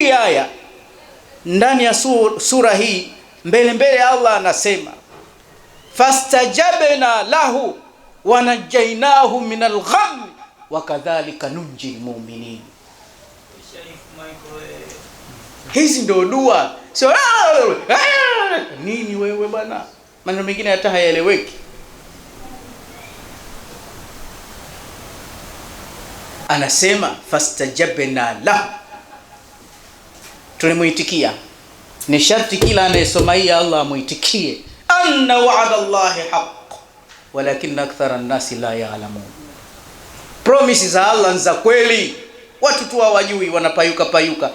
Aya ndani ya sura hii mbele mbele Allah anasema fastajabna lahu wanajainahu min algham wakadhalika nunji lmuminin. Hizi ndio dua, sio ah, ah, ah, nini wewe bwana, maneno mengine hata hayaeleweki. Anasema fastajabna lahu tulimuitikia. Ni sharti kila anayesoma hii Allah amuitikie, anna wa'ada Allahi haqq walakin akthara an-nasi la ya'lamun. Promise za Allah ni za kweli, watu tu hawajui, wanapayuka payuka.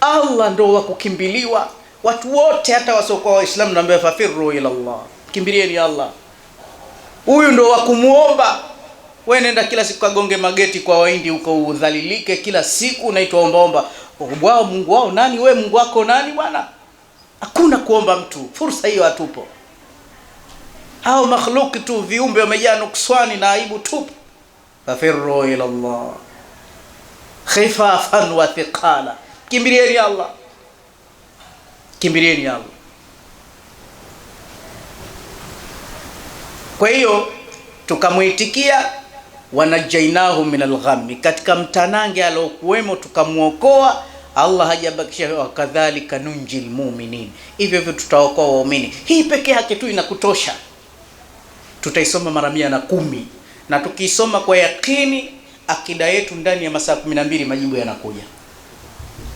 Allah ndo wa kukimbiliwa watu wote, hata wasiokuwa Waislamu naambia fafiru ila Allah, kimbilieni Allah. Huyu ndo wa kumuomba. We nenda kila siku kagonge mageti kwa Wahindi huko udhalilike, kila siku unaitwa ombaomba wao Mungu wao nani? We Mungu wako nani? Bwana, hakuna kuomba mtu, fursa hiyo hatupo. Hao makhluki tu viumbe wamejaa nukswani na aibu tupu. Fafirru ila Allah khifafan wa thiqala, kimbilieni Allah, kimbilieni Allah. Kwa hiyo tukamwitikia wanajainahu min alghami, katika mtanange aliokuwemo tukamwokoa Allah hajabakisha wa kadhalika nunji lmuminin, hivyo hivyo tutaokoa waumini. Hii peke yake tu inakutosha. Tutaisoma mara mia na kumi na tukiisoma kwa yakini akida yetu ndani ya masaa kumi na mbili majibu yanakuja.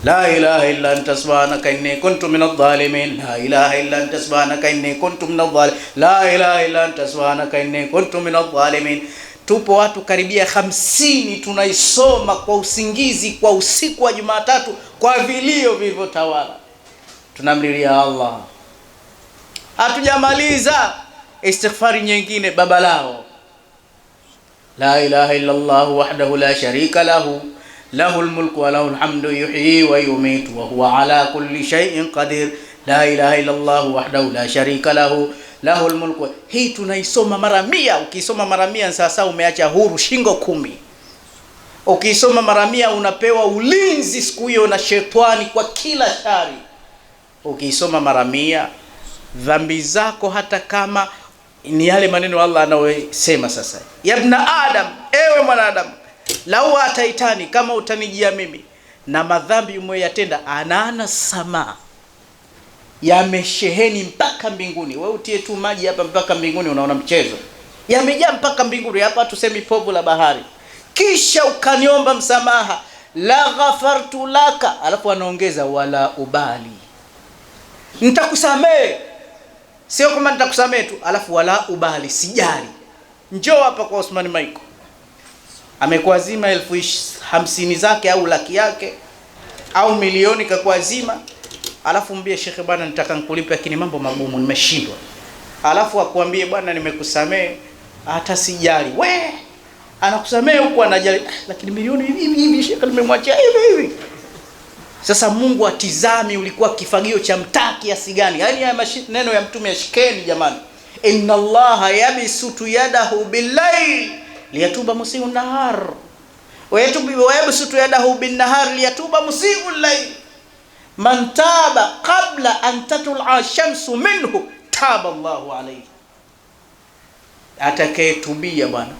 La ilaha illa anta subhanaka inni kuntu min adh dhalimin. La ilaha illa anta subhanaka inni kuntu min adh dhalimin. La ilaha illa anta subhanaka inni kuntu min adh dhalimin tupo watu karibia hamsini tunaisoma kwa usingizi, kwa usiku wa Jumatatu, kwa vilio vilivyotawala. Tunamlilia Allah, hatujamaliza istighfari nyingine baba lao, la ilaha illa Allah wahdahu la sharika lahu lahu lmulku wa lahu lhamdu yuhyi wa yumitu wa huwa ala kulli shay'in qadir la ilaha illa Allah wahdahu la sharika lahu lahul mulku. Hii tunaisoma mara mia. Ukisoma mara mia sasa umeacha huru shingo kumi. Ukisoma mara mia unapewa ulinzi siku hiyo na shetani kwa kila shari. Ukisoma mara mia dhambi zako, hata kama ni yale maneno Allah anayosema sasa, ya ibna adam, ewe mwanadamu, lau ataitani, kama utanijia mimi na madhambi umeyatenda, anaana samaa yamesheheni mpaka mbinguni. Wewe utie tu maji hapa mpaka mbinguni, unaona mchezo? Yamejaa mpaka mbinguni, hapa tusemi povu la bahari. Kisha ukaniomba msamaha, la ghafartu laka, alafu anaongeza wala ubali, nitakusamehe. Sio kama nitakusamehe tu, alafu wala ubali, sijali. Njoo hapa kwa Osman Michael, amekuwa zima elfu hamsini zake au laki yake au milioni, kakuwa zima alafu mbie shekhe, bwana nitaka nkulipe, lakini mambo magumu, nimeshindwa, alafu akwambie bwana, nimekusamee hata sijali, we anakusamee huku anajali, ah, lakini milioni hivi hivi shekhe, nimemwachia hivi hivi. Sasa Mungu atizami ulikuwa kifagio cha mtaki kiasi gani? Yaani haya maneno ya Mtume yashikeni jamani, inna Allaha yabisutu yadahu billail liyatuba musiu nahar wa yabsutu yadahu bin nahar liyatuba musiu llail man taba qabla an tatula shamsu minhu taba llahu alaihi, atakayetubia bwana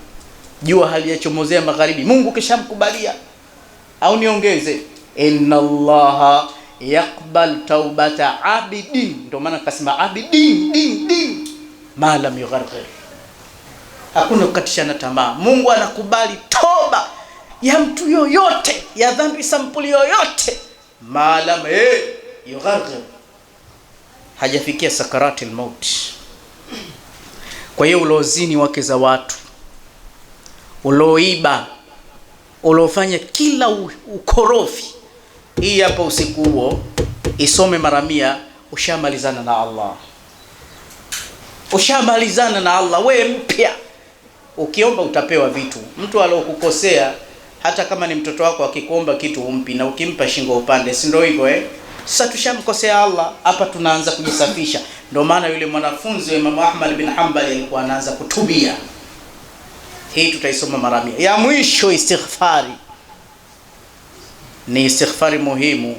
jua halijachomozea magharibi. Mungu kishamkubalia. Au niongeze inna llaha yaqbal taubata abidin, ndio maana kasema abidin din din ma lam yugharghir, hakuna kukatishana tamaa. Mungu anakubali toba ya mtu yoyote ya dhambi sampuli yoyote maalam eh yugharghir, hajafikia sakaratil almauti. Kwa hiyo ulozini wake za watu, uloiba ulofanya kila ukorofi, hii hapa usiku huo isome mara mia, ushamalizana na Allah, ushamalizana na Allah. We mpya ukiomba utapewa vitu. Mtu alokukosea hata kama ni mtoto wako akikuomba kitu umpi, na ukimpa shingo upande, si ndio hivyo eh? Sasa tushamkosea Allah hapa, tunaanza kujisafisha. Ndio maana yule mwanafunzi wa Imam Ahmad bin Hanbal alikuwa anaanza kutubia. Hii tutaisoma mara mia. Ya mwisho, istighfari ni istighfari muhimu.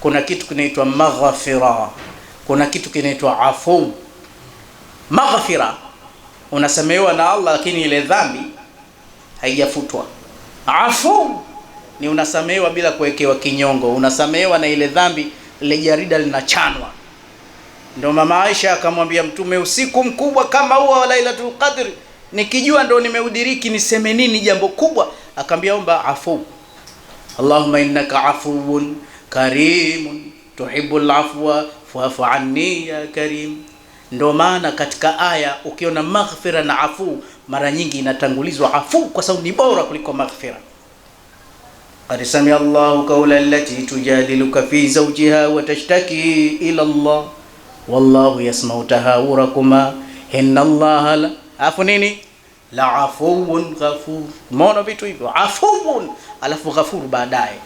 Kuna kitu kinaitwa maghfira, kuna kitu kinaitwa afu. Maghfira unasamehewa na Allah, lakini ile dhambi haijafutwa Afu ni unasamehewa bila kuwekewa kinyongo, unasamehewa na ile dhambi, ile jarida linachanwa. Ndio mama Aisha akamwambia Mtume, usiku mkubwa kama huo wa Lailatul Qadr, nikijua ndo nimeudiriki niseme nini jambo kubwa? Akamwambia omba afu, Allahumma innaka afuwun karimun tuhibbul afwa fa'fu anni ya karim. Ndio maana katika aya ukiona maghfira na afu mara nyingi inatangulizwa afu kwa sababu ni bora kuliko maghfira. Qad samia Allahu qawla allati tujadiluka fi zawjiha wa tashtaki ila Allah wallahu yasma'u tahawurakuma inna Allah la afu nini la afuwun ghafur. Umeona vitu hivyo, afuwun alafu ghafur baadaye.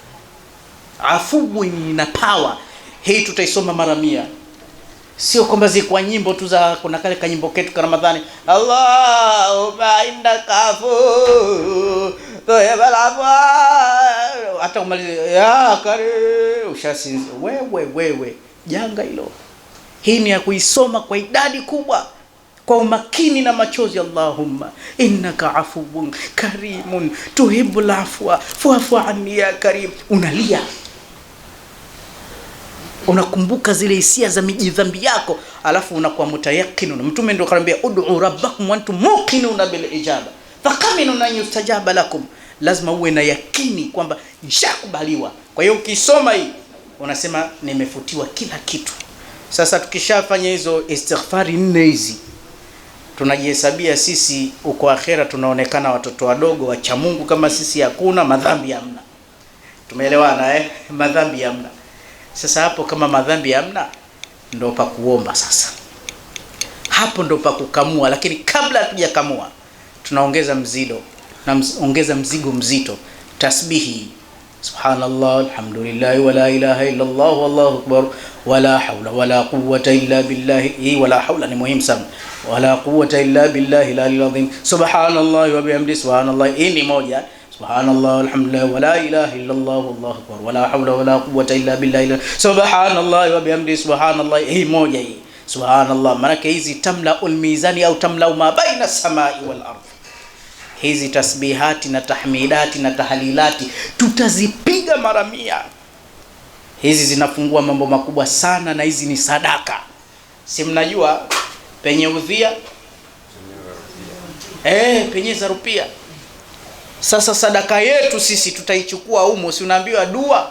Afuwun ina power hii, tutaisoma mara mia sio kwamba zikwa nyimbo tu za kuna kale kanyimbo ketu ka Ramadhani, Allahumma innaka afuwwun tuhibbul afwa, hata umalize ya karim, ushasinzi wewe wewe, janga hilo. Hii ni ya kuisoma kwa idadi kubwa kwa umakini na machozi, Allahumma innaka afuwwun karimun tuhibbul afwa fu'fu anni ya karim, unalia unakumbuka zile hisia za miji dhambi yako, alafu unakuwa mutayakinun. Mtume ndio kaniambia, ud'u rabbakum wa antum muqinuna bil ijaba faqaminun an yustajaba lakum, lazima uwe na yakini kwamba nishakubaliwa. Kwa hiyo ukisoma hii unasema nimefutiwa kila kitu. Sasa tukishafanya hizo istighfari nne hizi tunajihesabia sisi uko akhera, tunaonekana watoto wadogo wachamungu Mungu. Kama sisi hakuna madhambi, hamna. Tumeelewana eh? madhambi hamna. Sasa hapo kama madhambi hamna, ndo pa kuomba sasa, hapo ndo pa kukamua. Lakini kabla hatujakamua, tunaongeza mzido na ongeza mzigo mzito, tasbihi subhanallah alhamdulillah wala ilaha illa Allah wallahu akbar wala hawla wala quwwata illa billah. Hii wala hawla ni muhimu sana, wala quwwata illa billah la ilaha illa Allah subhanallah wa bihamdihi, subhanallah. Hii ni moja Subhanallah walhamdulillah wala ilaha illallah wallahu akbar wala hawla wala quwwata illa billah subhanallah wa bihamdi subhanallah. Hii moja hii subhanallah, maanake hizi tamlaul mizani au tamlau ma baina samai wal ardh. Hizi tasbihati na tahmidati na tahalilati tutazipiga mara mia. Hizi zinafungua mambo makubwa sana, na hizi ni sadaka. Si mnajua penye udhia eh, penye zarupia sasa sadaka yetu sisi tutaichukua humo, si unaambiwa dua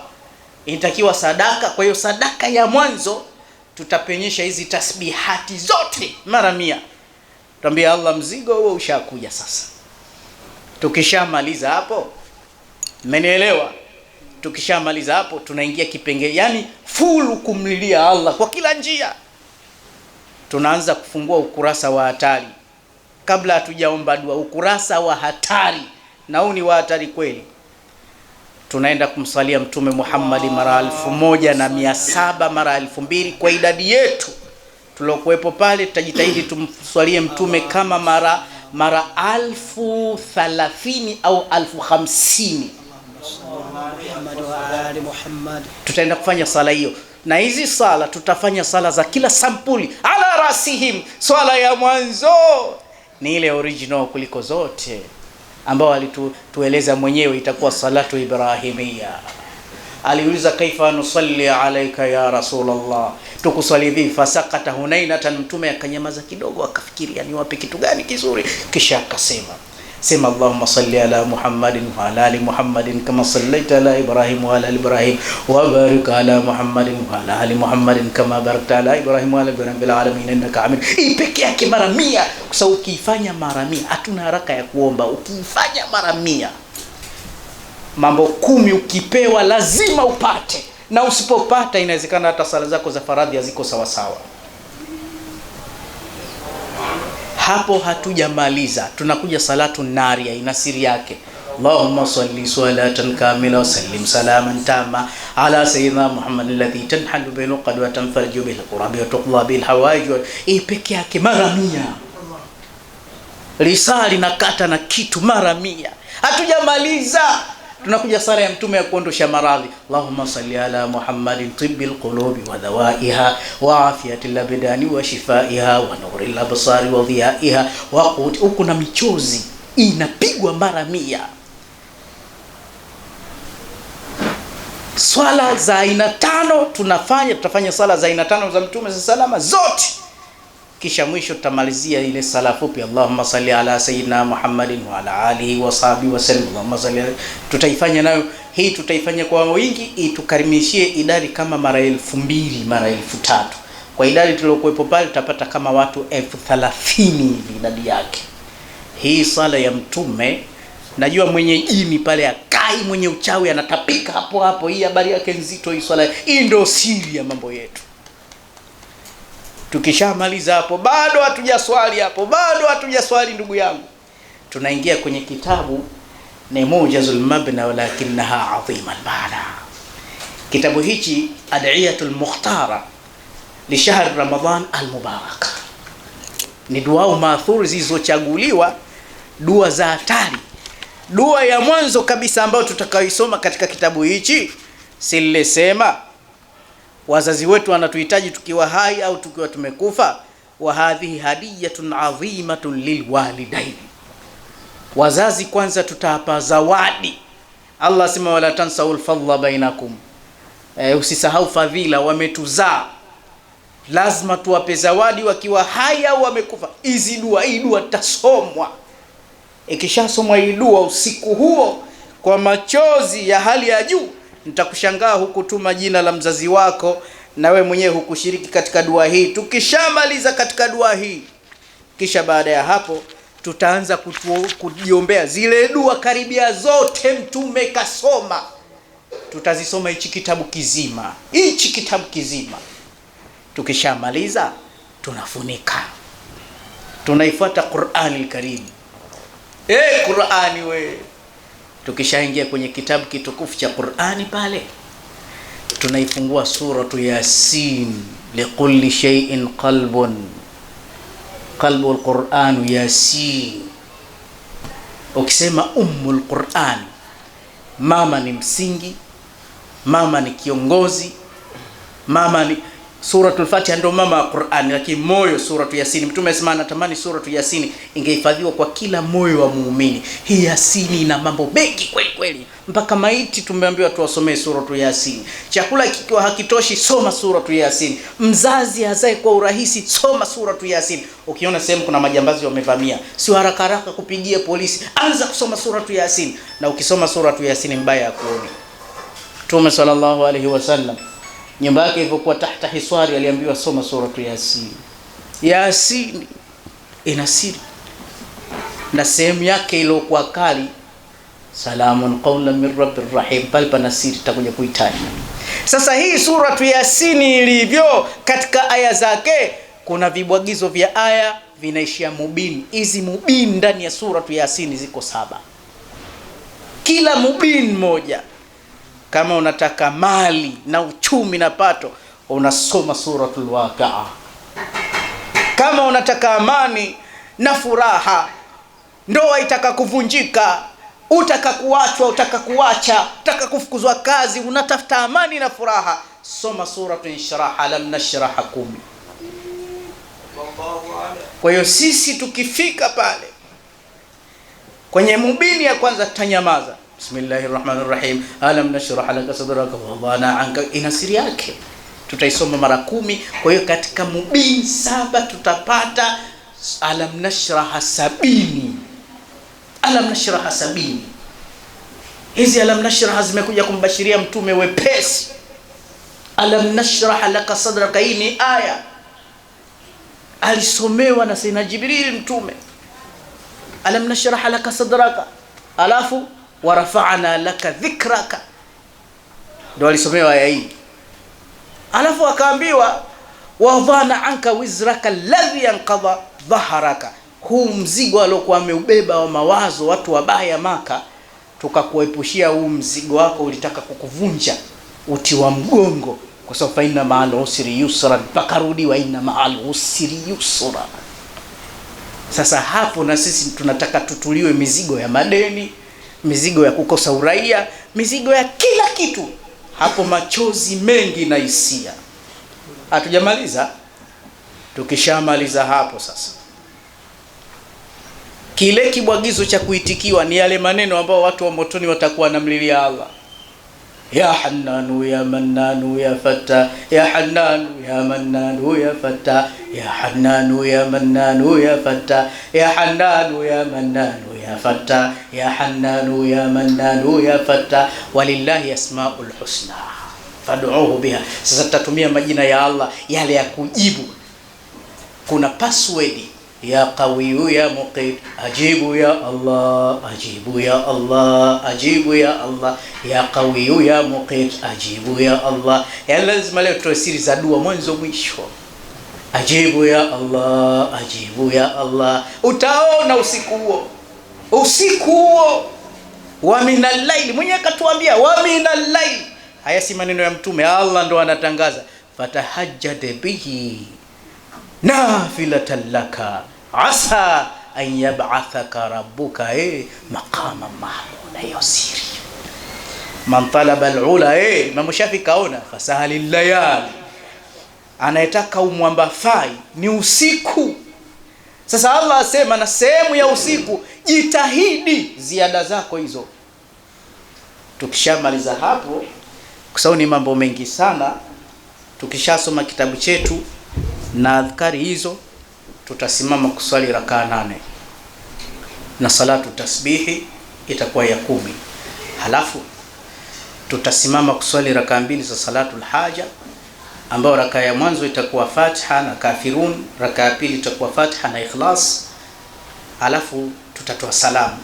inatakiwa sadaka. Kwa hiyo sadaka ya mwanzo tutapenyesha hizi tasbihati zote mara mia, tuambia Allah, mzigo huo ushakuja. Sasa tukishamaliza hapo, mmenielewa? Tukishamaliza hapo, tunaingia kipengele, yani fulu kumlilia Allah kwa kila njia. Tunaanza kufungua ukurasa wa hatari, kabla hatujaomba dua, ukurasa wa hatari na huu ni wa hatari kweli. Tunaenda kumsalia Mtume Muhammadi mara elfu moja na mia saba mara elfu mbili Kwa idadi yetu tuliokuwepo pale, tutajitahidi tumswalie Mtume kama mara mara alfu thalathini au alfu hamsini tutaenda kufanya sala hiyo, na hizi sala tutafanya sala za kila sampuli. Ala rasihim, swala ya mwanzo ni ile original kuliko zote ambao alitueleza mwenyewe itakuwa salatu ibrahimia. Aliuliza, kaifa nusalli alaika ya Rasulullah, tukuswali vipi? Fasakata Hunainatan, mtume akanyamaza kidogo, akafikiria niwape kitu gani kizuri, kisha akasema sema Allahumma salli ala Muhammadin wa ala ali Muhammadin kama sallaita ala Ibrahim wa ala ali Ibrahim wa barik ala Muhammadin wa ala ali Muhammadin kama barakta ala Ibrahim wa ala Ibrahim bil alamin innaka Hamid. Hii peke yake mara 100, kwa sababu ukiifanya mara 100 hatuna haraka ya kuomba. Ukiifanya mara 100 mambo kumi ukipewa lazima upate, na usipopata inawezekana hata sala zako za faradhi haziko sawasawa. hapo hatujamaliza, tunakuja salatu naria, ina siri yake. Allahumma salli salatan kamila wa sallim salaman tama ala sayyidina Muhammad alladhi tanhalu bihi alqad wa tanfarju bihi alqurabi wa tuqda bihi alhawaij. Hii peke yake mara mia risali na kata na kitu mara mia, hatujamaliza tunakuja sala ya mtume ya kuondosha maradhi, Allahumma salli ala Muhammadin tibbil qulubi wa dawaiha wa afiyatil abdani wa shifaiha wa nuril absari wa dhiyaiha wa quti. Huko na michozi inapigwa mara mia. Swala za aina tano tunafanya, tutafanya swala za aina tano za mtume wasallam zote kisha mwisho tutamalizia ile sala fupi, Allahumma salli ala sayyidina Muhammadin wa ala alihi wa sahbihi wa sallam. Allahumma salli, tutaifanya nayo hii, tutaifanya kwa wingi, itukarimishie idadi kama mara elfu mbili mara elfu tatu kwa idadi tuliokuwepo pale, tutapata kama watu elfu thalathini hivi idadi yake. Hii sala ya Mtume najua mwenye jini pale akai, mwenye uchawi anatapika hapo hapo. Hii habari yake nzito, hii swala hii ndio siri ya mambo yetu. Tukishamaliza hapo, bado hatujaswali hapo, bado hatujaswali ndugu yangu, tunaingia kwenye kitabu ni Mujazul Mabna walakinaha adhima almaana. Kitabu hichi Adiyatul Mukhtara li shahri Ramadan almubarak, ni duau maathuri zilizochaguliwa, dua za hatari. Dua ya mwanzo kabisa ambayo tutakayoisoma katika kitabu hichi silisema wazazi wetu wanatuhitaji tukiwa hai au tukiwa tumekufa. wa hadhihi hadiyatun adhimatun lilwalidaini, wazazi kwanza tutapa zawadi. Allah asema wala tansau lfadla bainakum, e, usisahau fadhila, wametuzaa lazima tuwape zawadi wakiwa hai au wamekufa. Hizi dua, hii dua tasomwa. Ikishasomwa hii dua usiku huo kwa machozi ya hali ya juu nitakushangaa hukutuma jina la mzazi wako na we mwenyewe hukushiriki katika dua hii. Tukishamaliza katika dua hii, kisha baada ya hapo tutaanza kujiombea zile dua karibia zote mtume kasoma. Tutazisoma hichi kitabu kizima, hichi kitabu kizima. Tukishamaliza tunafunika, tunaifuata Qur'anil Karim. Eh, Qur'ani we Tukishaingia kwenye kitabu kitukufu cha Qur'ani pale tunaifungua suratu Yasin, likulli shay'in qalbun, qalbu alquran Yasin. Ukisema ummu alquran, mama ni msingi, mama ni kiongozi, mama ni Suratul Fatiha ndio mama wa Qur'ani, lakini moyo Suratu Yasini, Mtume amesema anatamani Suratu Yasini ingehifadhiwa kwa kila moyo wa muumini. Hii Yasini ina mambo mengi kweli kweli, mpaka maiti tumeambiwa tuwasomee Suratu Yasini. Chakula kikiwa hakitoshi, soma Suratu Yasini. Mzazi azae kwa urahisi, soma Suratu Yasini. Ukiona sehemu kuna majambazi wamevamia, si haraka haraka kupigia polisi, anza kusoma Suratu Yasini. Na ukisoma Suratu Yasini mbaya ya kuoni. Mtume sallallahu alaihi wasallam nyumba yake ilivyokuwa tahta hiswari, aliambiwa soma suratu Yasin. Yasin ina siri na sehemu yake iliyokuwa kali, salamun qawlan min rabbir rahim, pale pana siri takuja kuitaja. Sasa hii suratu Yasini ilivyo katika aya zake, kuna vibwagizo vya aya vinaishia mubin. Hizi mubin ndani ya suratu Yasini ziko saba, kila mubini moja kama unataka mali na uchumi na pato, unasoma Suratul Waqia. Kama unataka amani na furaha, ndoa itaka kuvunjika, utaka kuachwa, utaka kuacha, utaka kufukuzwa kazi, unatafuta amani na furaha, soma Suratul Inshirah, lamnashraha nashraha kumi. Kwa hiyo sisi tukifika pale kwenye mubini ya kwanza tutanyamaza. Bismillahir Rahmanir Rahim. Alam nashrah laka sadraka wa 'anka, ina siri yake tutaisoma mara kumi. Kwa hiyo katika mubin saba tutapata alam nashraha sabini, alam nashraha sabini. Hizi alam nashraha zimekuja kumbashiria mtume wepesi. Alam nashraha laka sadraka, hii ni aya alisomewa na Sayyidina jibrili mtume. Alam nashraha laka sadraka, alafu wa rafa'na laka dhikraka, ndo alisomewa aya hii, alafu akaambiwa wadhana anka wizraka alladhi yanqadha dhahraka, huu mzigo aliokuwa ameubeba wa mawazo watu wabaya Maka, tukakuepushia huu mzigo wako, ulitaka kukuvunja uti wa mgongo, kwa sababu faina maal usri yusra, pakarudi wa inna maal usri yusra. Sasa hapo na sisi tunataka tutuliwe mizigo ya madeni mizigo ya kukosa uraia, mizigo ya kila kitu, hapo machozi mengi na hisia. Hatujamaliza. Tukishamaliza hapo sasa, kile kibwagizo cha kuitikiwa ni yale maneno ambayo watu wa motoni watakuwa namlilia Allah ya Hannanu ya Mannanu ya Fatta ya Hannanu ya Mannanu ya Fatta ya Hannanu ya Mannanu ya Fatta ya Hannanu ya Mannanu ya Fatta ya Hannanu ya Mannanu ya Fatta walillahi asmaul husna fad'uhu biha. Sasa tutatumia majina ya Allah yale ya kujibu. Kuna password ya qawiyu ya muqit, ajibu ya Allah, ajibu ya Allah, ajibu ya Allah, ya qawiyu ya muqit, ajibu ya Allah. Ya lazima leo tutoe siri za dua mwanzo mwisho. Ajibu ya Allah, ajibu ya Allah, utaona usiku huo usiku huo wa minal laili, mwenyewe katuambia wa minal Haya si maneno ya Mtume, Allah ndo anatangaza fatahajjad bihi nafilatan laka asa an yab'athaka rabbuka eh, maqama mahmuda. Hiyo man talaba alula eh, Imam Shafi kaona fasahali layali, anayetaka umwamba fai ni usiku sasa Allah asema na sehemu ya usiku jitahidi ziada zako hizo. Tukishamaliza hapo, kwa sababu ni mambo mengi sana, tukishasoma kitabu chetu na adhkari hizo, tutasimama kuswali rakaa nane na salatu tasbihi itakuwa ya kumi, halafu tutasimama kuswali rakaa mbili za salatu lhaja ambayo raka ya mwanzo itakuwa fatha na Kafirun, raka ya pili itakuwa fatha na Ikhlas, alafu tutatoa salamu,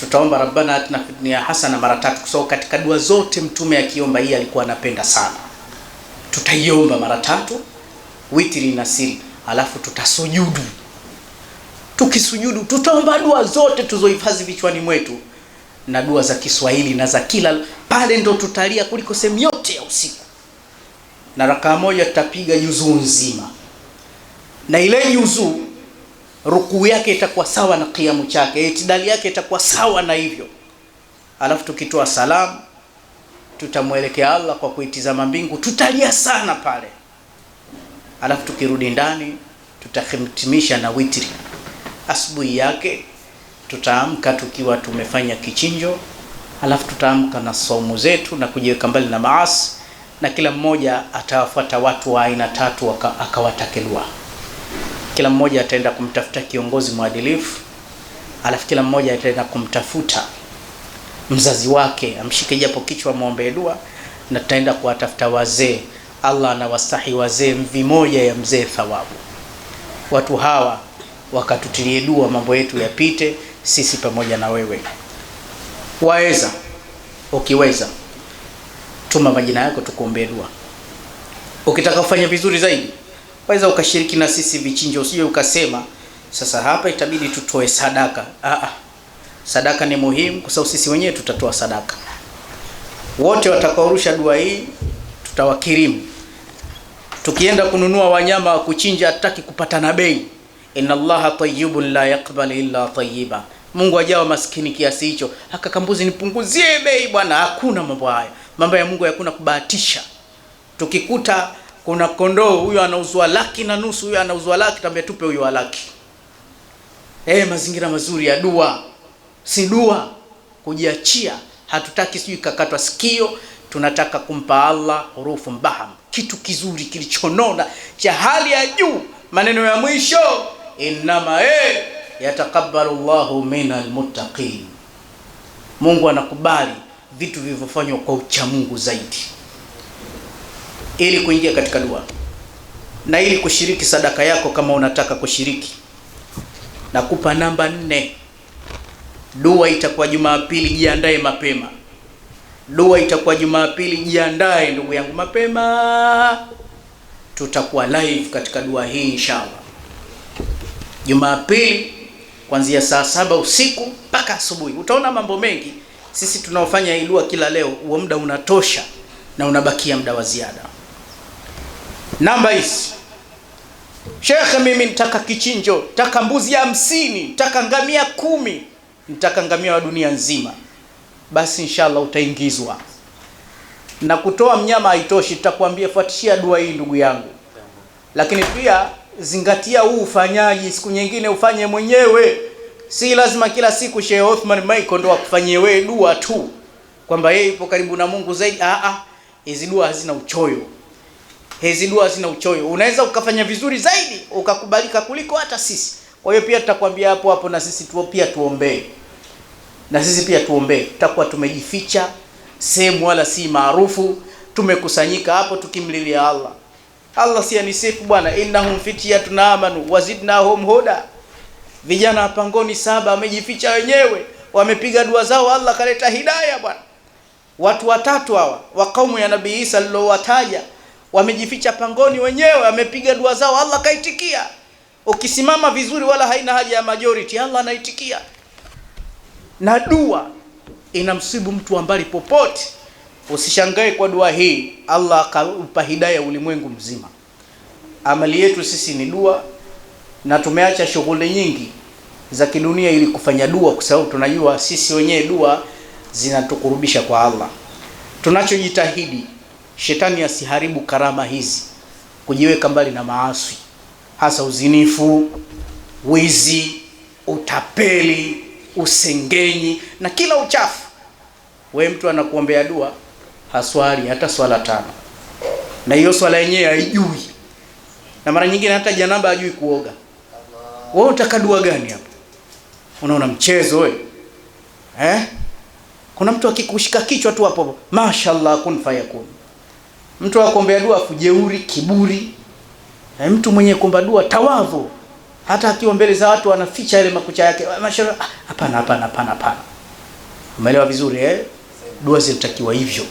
tutaomba rabbana atina fid dunya hasana mara tatu, kwa sababu katika dua zote mtume akiomba hii alikuwa anapenda sana. Tutaiomba mara tatu, witri na siri, alafu tutasujudu. Tukisujudu tutaomba dua zote tuzohifadhi vichwani mwetu na dua za Kiswahili na za kila pale, ndo tutalia kuliko sehemu yote ya usiku na rakaa moja tutapiga juzuu nzima, na ile juzuu rukuu yake itakuwa sawa na kiamu chake, itidali yake itakuwa sawa na hivyo. Alafu tukitoa salamu tutamwelekea Allah kwa kuitizama mbingu, tutalia sana pale. Alafu tukirudi ndani tutahitimisha na witri. Asubuhi yake tutaamka tukiwa tumefanya kichinjo, alafu tutaamka na somo zetu na kujiweka mbali na maasi na kila mmoja atawafuata watu wa aina tatu akawatakelua. Kila mmoja ataenda kumtafuta kiongozi mwadilifu, alafu kila mmoja ataenda kumtafuta mzazi wake, amshike japo kichwa, muombe dua, na tutaenda kuwatafuta wazee. Allah anawastahi wazee mvi moja ya mzee thawabu. Watu hawa wakatutilie dua, mambo yetu yapite, sisi pamoja na wewe. Waweza ukiweza choma majina yako tukuombe dua. Ukitaka kufanya vizuri zaidi, waweza ukashiriki na sisi vichinjo, usije ukasema sasa hapa itabidi tutoe sadaka. ah. sadaka ni muhimu kwa sababu sisi wenyewe tutatoa sadaka. Wote watakaorusha dua hii tutawakirimu. Tukienda kununua wanyama wa kuchinja, hataki kupata na bei. Inna Allaha tayyibun la yaqbal illa tayyiba, Mungu ajao maskini kiasi hicho, haka kambuzi nipunguzie bei bwana, hakuna mambo haya. Mambo ya Mungu hayakuna kubahatisha. Tukikuta kuna kondoo huyo anauzwa laki na nusu, huyo anauzwa laki, tambia tupe huyo laki. Eh, mazingira mazuri ya dua, si dua kujiachia. Hatutaki sijui kakatwa sikio, tunataka kumpa Allah hurufu mbaham, kitu kizuri kilichonona cha hali ya juu. Maneno ya mwisho innama eh, yatakabbalu llahu minal muttaqin, Mungu anakubali vitu vilivyofanywa kwa uchamungu zaidi, ili kuingia katika dua na ili kushiriki sadaka yako. Kama unataka kushiriki, nakupa namba nne. Dua itakuwa Jumapili, jiandae mapema. Dua itakuwa Jumapili, jiandae ndugu yangu mapema. Tutakuwa live katika dua hii inshallah, Jumapili kuanzia saa saba usiku mpaka asubuhi. Utaona mambo mengi sisi tunaofanya ilua kila leo, huo muda unatosha na unabakia muda wa ziada. Namba hizi Shekhe, mimi nitaka kichinjo, nitaka mbuzi hamsini, nitaka ngamia kumi, nitaka ngamia wa dunia nzima, basi inshallah utaingizwa na kutoa mnyama haitoshi, tutakwambia fuatishia dua hii ndugu yangu, lakini pia zingatia huu ufanyaji, siku nyingine ufanye mwenyewe. Si lazima kila siku Sheikh Othman Michael ndo akufanyie wewe dua tu kwamba yeye yupo karibu na Mungu zaidi. Ah ah, hizi dua hazina uchoyo. Hizi dua hazina uchoyo. Unaweza ukafanya vizuri zaidi ukakubalika kuliko hata sisi. Kwa hiyo pia tutakwambia hapo hapo, na sisi tu pia tuombee, na sisi pia tuombee. Tutakuwa tumejificha sehemu wala si maarufu, tumekusanyika hapo tukimlilia Allah. Allah si anisifu bwana, innahum fityatun amanu wazidnahum huda Vijana wa pangoni saba wamejificha wenyewe, wamepiga dua zao, Allah kaleta hidaya bwana. Watu watatu hawa wa kaumu ya Nabii Isa alilowataja wamejificha pangoni wenyewe, wamepiga dua zao, Allah kaitikia. Ukisimama vizuri, wala haina haja ya majority, Allah anaitikia. Na dua inamsibu mtu ambali popote. Usishangae kwa dua hii, Allah akaupa hidaya ulimwengu mzima. Amali yetu sisi ni dua na tumeacha shughuli nyingi za kidunia ili kufanya dua, kwa sababu tunajua sisi wenyewe dua zinatukurubisha kwa Allah. Tunachojitahidi shetani asiharibu karama hizi, kujiweka mbali na maasi, hasa uzinifu, wizi, utapeli, usengenyi na kila uchafu. We mtu anakuombea dua haswali hata swala tano, na hiyo swala yenyewe haijui, na mara nyingine hata janaba hajui kuoga wewe unataka dua gani hapo? Unaona mchezo wewe eh? Kuna mtu akikushika kichwa tu hapo, mashallah kun fayakun. Mtu akombea dua fujeuri, kiburi, na eh, mtu mwenye kuomba dua tawadhu, hata akiwa mbele za watu anaficha ile makucha yake. Ah, mashallah, ah, hapana, hapana, hapana, hapana. Umeelewa vizuri eh? Dua zinatakiwa hivyo,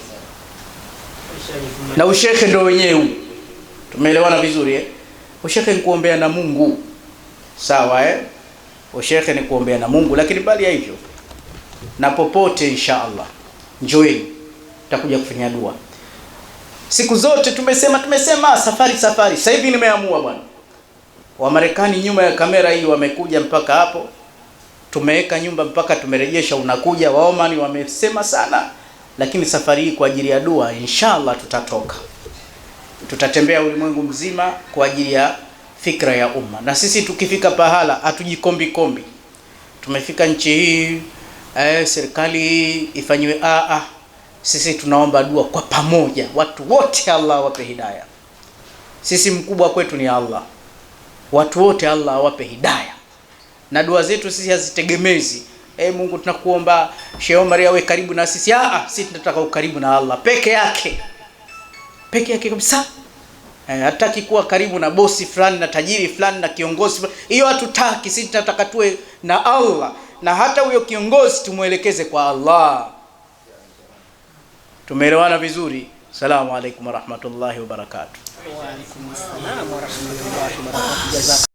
na ushekhe ndio wenyewe. Tumeelewana vizuri eh? Ushekhe ni kuombea na Mungu Sawa eh? Shekhe ni kuombea na Mungu, lakini bali ya hivyo na popote, inshaallah njoeni, tutakuja kufanya dua siku zote. Tumesema tumesema safari safari. Sasa hivi nimeamua bwana, Wamarekani nyuma ya kamera hii wamekuja mpaka hapo, tumeweka nyumba mpaka tumerejesha, unakuja. Waomani wamesema sana, lakini safari hii kwa ajili ya dua inshallah tutatoka, tutatembea ulimwengu mzima kwa ajili ya fikra ya umma. Na sisi tukifika pahala hatujikombi kombi, tumefika nchi hii eh, serikali ifanyiwe ah, ah. Sisi tunaomba dua kwa pamoja, watu wote Allah awape hidaya. Sisi mkubwa kwetu ni Allah, watu wote Allah awape hidaya, na dua zetu sisi hazitegemezi Hey, eh, Mungu tunakuomba Sheikh Omar awe karibu na sisi. Ah, sisi tunataka ukaribu na Allah peke yake, peke yake kabisa. Eh, hataki kuwa karibu na bosi fulani na tajiri fulani na kiongozi fulani. Hiyo hatutaki, sisi tunataka tuwe na Allah na hata huyo kiongozi tumwelekeze kwa Allah. Tumeelewana vizuri? Assalamu alaikum warahmatullahi wabarakatuh.